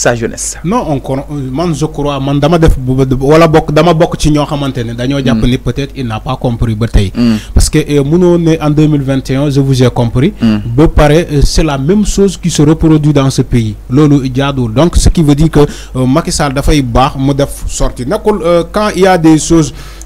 sa jeunesse. non encore man je crois man dama def wala bokk dama bokk ci ño xamantene ne japp mm. ni peut-être il n'a pas compris ba tay mm. parce que eh, on né en 2021 je vous ai compris. Mm. ba paré eh, c'est la même chose qui se reproduit dans ce pays. lolu jaaduwul donc ce qui veut dire que euh, Macky Sall fay bax mu def sorti nekkul euh, quand il y a des choses.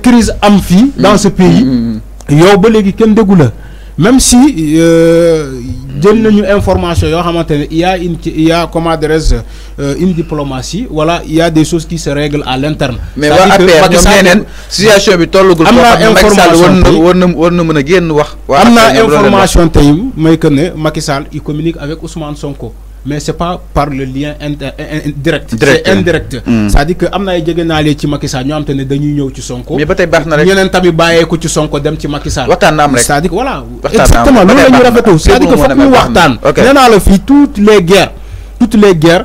crise am fii dans ce pays mm, mm, mm. yow ba légui ken déggu même si euh, jël nañu information yo xamante il y a une il y a comment dirais euh, une diplomatie voilà il y a des choses qui se règlent à l'interne. mais waa APR ñoom nee situation bi tollagul. am naa information tey war na mëna genn wax. amna information tey may que ne Macky Sall il communique avec Ousmane Sonko mais c'est pas par le lien euh, euh, direct. c'est indirect. ça hmm. dit dire que amna ay jegenaale ci Macky Sall am te ne dañuy ñëw ci Sonko. mais batay tey na rek ñeneen tamit ko ci Sonko dem ci Macky Sall. waxtaan am rek c'est-à-dire voilà. exactement loolu la ñuy rafetlu c'est-à-dire que fa ñu waxtan nee la fi toutes les guerres toutes les guerres.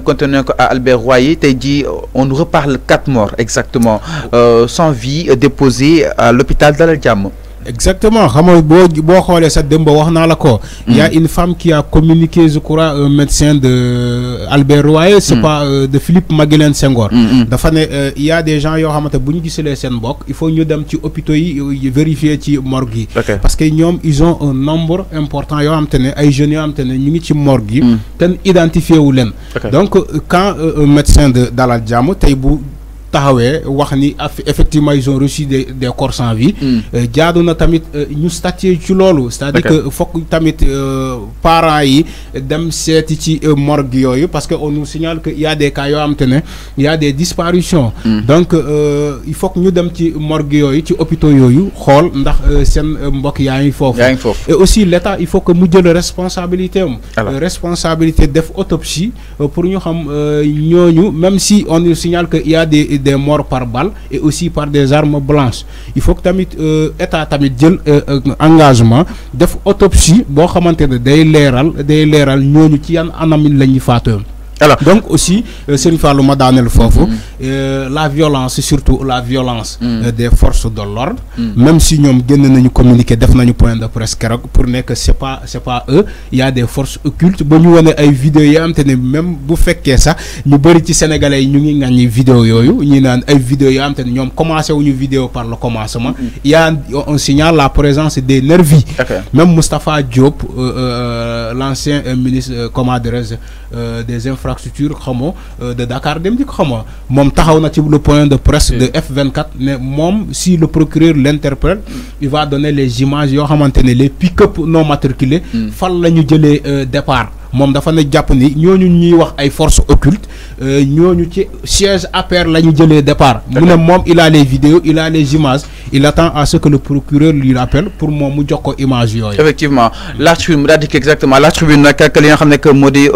contenu à Albert Royer t'a dit euh, on nous reparle quatre morts exactement sans euh, vie euh, déposée à l'hôpital Dalal exactement il mm. y' a une femme qui a communiqué je crois un médecin de euh, Albert roye c'est mm. pas euh, de Philippe Maguilène Senghor. Il mm, euh, y' a des gens qui ont dit que c'est un il faut ñu dem vérifier morgue parce que ils ont un nombre important ils ne ay jeunes morgue donc quand un médecin de Dalal la taxawee wax ni effectivement ils ont reçu des des corps sans vie. Hmm. Euh, jaaduna notamment tamit euh, ñu statué ci lolu c'est-à-dire que fokk tamit euh, parents yi dem séti ci morgue yoyu parce que on nous signale que y a des cas yoo xam il y a des disparitions. Hmm. donc il faut que ñu dem ci morgue yoyu ci hôpitaux yoyu xol ndax sen mbokk ya ngi foofu. et aussi l'État il faut que mu jël responsabilité responsabilité def autopsie pour ñu xam même si on nous signale que y a des des morts par balle et aussi par des armes blanches il faut que tamit euh, état tamit jël euh, euh, engagement def autopsie bo xamantene day léral day qui ñooñu ci yane anam lañu alors donc aussi euh, Serigne Fallou ma daaneel foofu euh, la violence surtout la violence mm. euh, des forces de l'ordre mm. même si nous avons nañu communiqué def nañu point de presse pour nekk c'est pas c'est pas eux il y a des forces occultes bon nous avons ay vidéos, yi am même bu fekkee ça ñu bëri ci sénégalais yi ñu ngi vidéos, vidéo avons ñi naan ay vidéos commencé wuñu vidéo par le commencement mm. y a on signale la présence des nervis même Moustapha Diop l'ancien ministre commandeur dirais des infrastructure comment euh, de Dakar Dem di mon ma taxaw na le point de presse de F24 mais mom si le procureur l'interpelle il va donner les images yo xamantene les pick-up non matriculés hmm. fal la jëlé euh, départ mom dafa ne japp ni ñooñu ñuy wax ay forces occultes euh, ñooñu ci siège APR la jëlé départ mu ne il a les vidéos il a les images il attend à ce que le procureur lui rappelle pour moi, mu effectivement la tribune là, exactement la tribune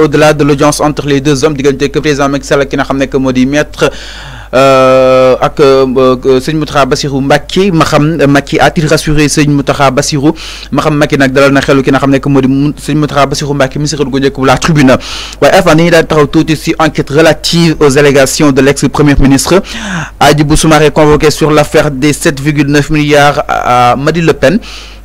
au delà de l'audience entre les deux hommes d'égalité que président Macky qui a ki que maître. Euh, ak euh, sëñ moutaha Bassirou Mbacké ma xam Macky a-t-il rassuré sëñ Mountakha Bassirou ma xam Macky nak dalal na xelu ki nga xam ne modi moo moutaha Bassirou Mbacké ministre gu njëkk la tribune waaye avant dañuy daal taxaw tout ici enquête relative aux allégations de l'ex premier ministre Adibou Soumaré convoqué sur l'affaire des 7,9 milliards à Madi Le Pen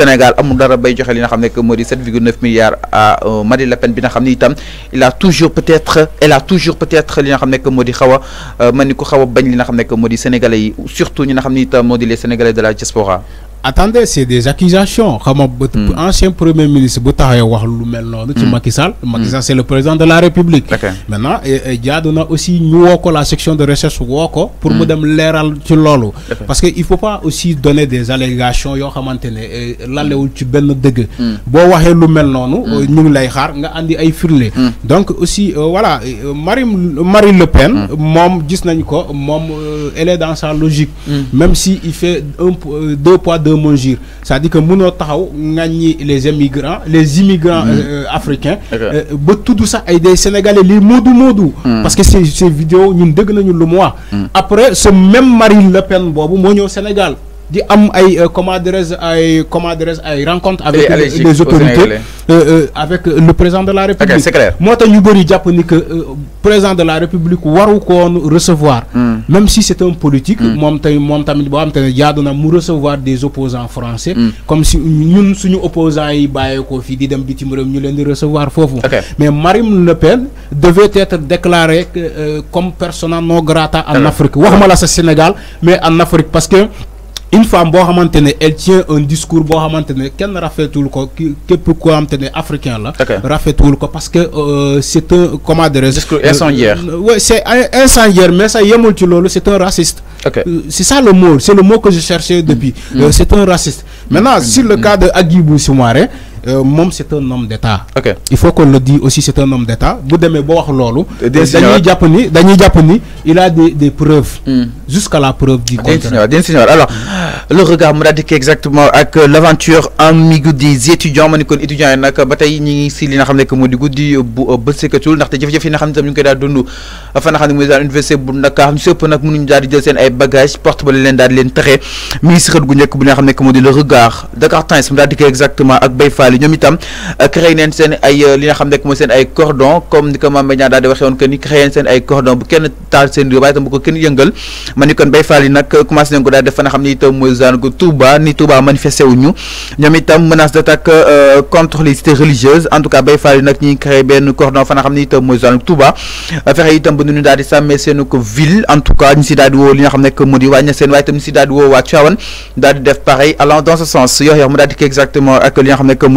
Sénégal amul dara bay joxe li que 7,9 milliards à euh, Le il a toujours peut-être elle a toujours peut-être li que a euh, que sénégalais surtout les sénégalais de la diaspora attendez c'est des accusations comme nga hmm. ancien premier ministre bu taxawee wax lu mel ci hmm. Macky Sall. Hmm. Macky Sall c'est le président de la République. maintenant jaadu na aussi ñu woo la section de recherche Woko pour me dem l'air ci loolu. parce qu'il il faut pas aussi donner des allégations yoo xamante ne euh, lalewul ci benn dëgg. boo waxee lu mel noonu. Euh, ñu ngi lay xaar nga andi ay donc aussi euh, voilà marie-marie Le Pen. moom gis nañ ko elle est dans sa logique. même si il fait un deux poids deux manger ça c'est-à-dire que mono taxaw les immigrants les immigrants mm-hmm. euh, africains Tout tout ça ay des sénégalais les modou modou mm. parce que ces ces vidéos ñun le nañu mois. Mm. après ce même Marine Le Pen boobu moo Sénégal di am ay euh, comment dirais ay comment ay rencontre avec les autorités euh, euh, avec le président de la république moo tax ñu bëri jàpp ni que président de la république waru koon recevoir hmm. même si c'est un politique hmm. moom tey moom tamit boo xam te ne mu recevoir des opposants français hmm. comme si ñun suñu opposants yi bàyyeekoo fii di dem bitim réew ñu leen di recevoir foofu mais Marine Le Pen devait être déclarée comme persona non grata en Afrique waxuma la sa Sénégal mais en Afrique parce que une femme tient un elle tient un discours boo est ne rafetoul ko képp koo xamante africain ko parce que euh, c'est un comment dire, discours incendiaire. Euh, euh, oui mais ça y est, un raciste. c'est ça le mot c'est le mot que je cherchais depuis. Mm. c'est un raciste. maintenant mm. sur le mm. cas de Agibou Soumaré. Euh, moom mom c'est un homme d'État. ok il faut qu'on le dise aussi c'est un homme d'État. état bu demee ba wax lolu dañuy japp ni dañuy japp ni il a des des preuves. Hmm. jusqu'à la preuve du contraire. alors le regard mu daal di exactement ak euh, l'aventure aventure des étudiants man kon étudiants yi nag ba ngi si li nga que modi moo di guddi euh, bu bëccëgatul ndaxte jafe-jafe yi nga xam tam ñu ngi koy daal dund fa nga xam ne mooy université bu xam sëpp nak mënuñu daal di jël sen ay bagages porte ba leen daal leen tere mi gu nga le regard Dakar Times mu daal di exactement ak Baye nationale yi itam euh, créé neen sen ay euh, li nga xam ne mooy seen ay cordon comme ni ko Mame Mbaye Niang daal di waxee won que ni créé sen ay cordon bu kenn taal sen réew waaye itam bu ko kenn yëngal ma ni kon Baye Fall yi nag commencé nañ ko daal def na nga xam ne itam mooy zango Touba ni Touba manifesté ñu ñoom itam menace d'attaque euh, contre les cités religieuses en tout cas bay Fall yi nag ñi créé ben cordon fa nga xam ne itam mooy zango Touba fexé itam bu ñu daal di samé seen ko ville en tout cas ñi ci daal di wo li nga xam ne moo di waa Niassène waaye itam ñu si daal di wo wa Tivaouane daal di def pareil allant dans ce sens yo yo mu daal di exactement ak li nga xam ne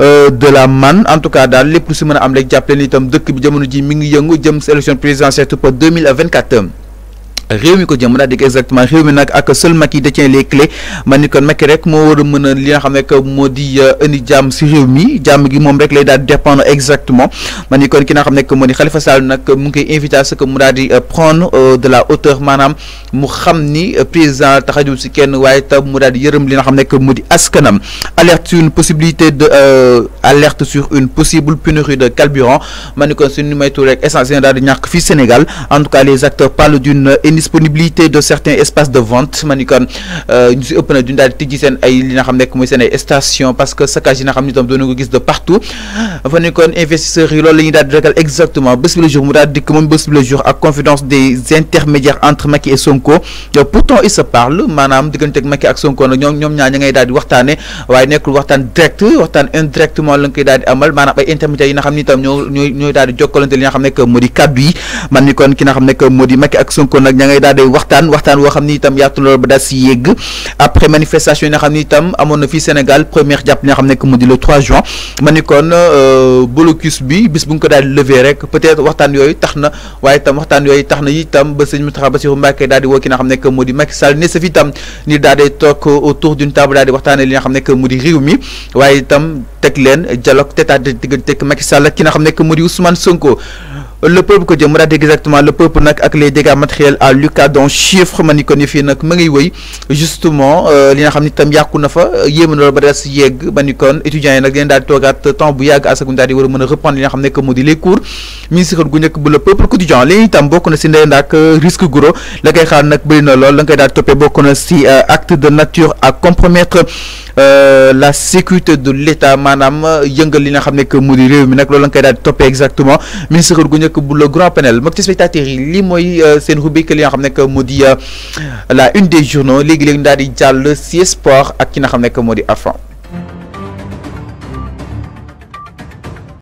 Euh, de la manne en tout cas daal lépp lu mën a am rek jàpp leen itam dëkk bi jamono ji mi ngi yëngu jëm si élection présidentielle pour 2024 réew ko jëm daal di exactement réew mi nag ak seul qui détient les clés ma ni kon Macky rek moo war a mën a li nga xam ne que moo di euh, indi jàmm si réew mi jàmm gi moom rek lay daal dépendre exactement ma ni kon ki nga xam ne que moo di Khalifa Sall nag mu ngi koy invité à ce que mu daal di euh, prendre euh, de la hauteur maanaam mu xam ni président taxajul si kenn waaye tam mu daal di yërëm li nga xam ne que mu di askanam alerte sur une possibilité de alerte sur une possible pénurie de carburant Manikon ni kon suñu maytu rek essentiel daal di ñàkk fii Sénégal en tout cas les acteurs parlent d'une indisponibilité de certains espaces de vente ma euh kon ñu si ëpp na duñ daal ay li nga xam nekk mooy seen station parce que saccage yi nga xam ne itam doon ko gis de partout fa ni investisseurs yi lolou la ñuy daal exactement bëss bi le jour mu dal dik mom bëss bi le jour ak confidence des intermédiaires entre Macky et Sonko pourtant ils se parlent manam diggante Macky ak Sonko ñom ñom ñoom ñaar ña ngay daal di waxtane waaye nekkul waxtaan direct waxtaan indirectement la nga koy daal di amal manam ay intermédiaires yi nga xam ne itam ñoy ñooy ñooy daal di jokkalante li nga xam nekk moo di yi man kon ki nga xam nekk modi Macky ak Sonko nak ngay daal di waxtaan waxtaan woo xam ni itam yaatu loolu ba daal si yegg après manifestation yi nga xam ni itam amoon na fii Sénégal première jàpp nga xam ne mu di le 3 juin ma ni kon euh, blocus bi bis bu ko daal di lever rek peut-être waxtaan yooyu tax na waaye itam waxtaan yooyu tax na itam ba sëñ Moustapha Bassirou Mbacké daal di woo ki nga xam ne mu di Macky Sall ne sa fi itam ni daal di toog autour d'une table daal di waxtaanee li nga xam ne mu di réew mi waaye itam teg leen dialogue tête à tête diggante Macky Sall ak ki nga xam ne mu di Ousmane Sonko le peuple que Dieu me exactement le peuple nak ak les dégâts matériels à Lucas dont chiffre mani koni fi nak fii nag ma ngi justement euh, li nga xamni tam yakuna fa yéema na loolu ba des yegg ma kon étudiants nak len dal togat temps bu yàgg àsaguñ daal di war reprendre li nga xam que modi les cours ministre gu njëkk bu le peuple quotidien li tam bokku na ci ndey nak euh, risque gros la kay xaar nak bari na lool la ngay dal daal bokku na ci euh, acte de nature à compromettre la sécurité de l'état manam yëngal li nga xam que modi rew mi nak loolu la ngay dal daal di toppee exactement ministre gu njëkk le grand panel spectateurs euh, rubrique euh, la une des journaux Les léegi daal sport ak ki n'a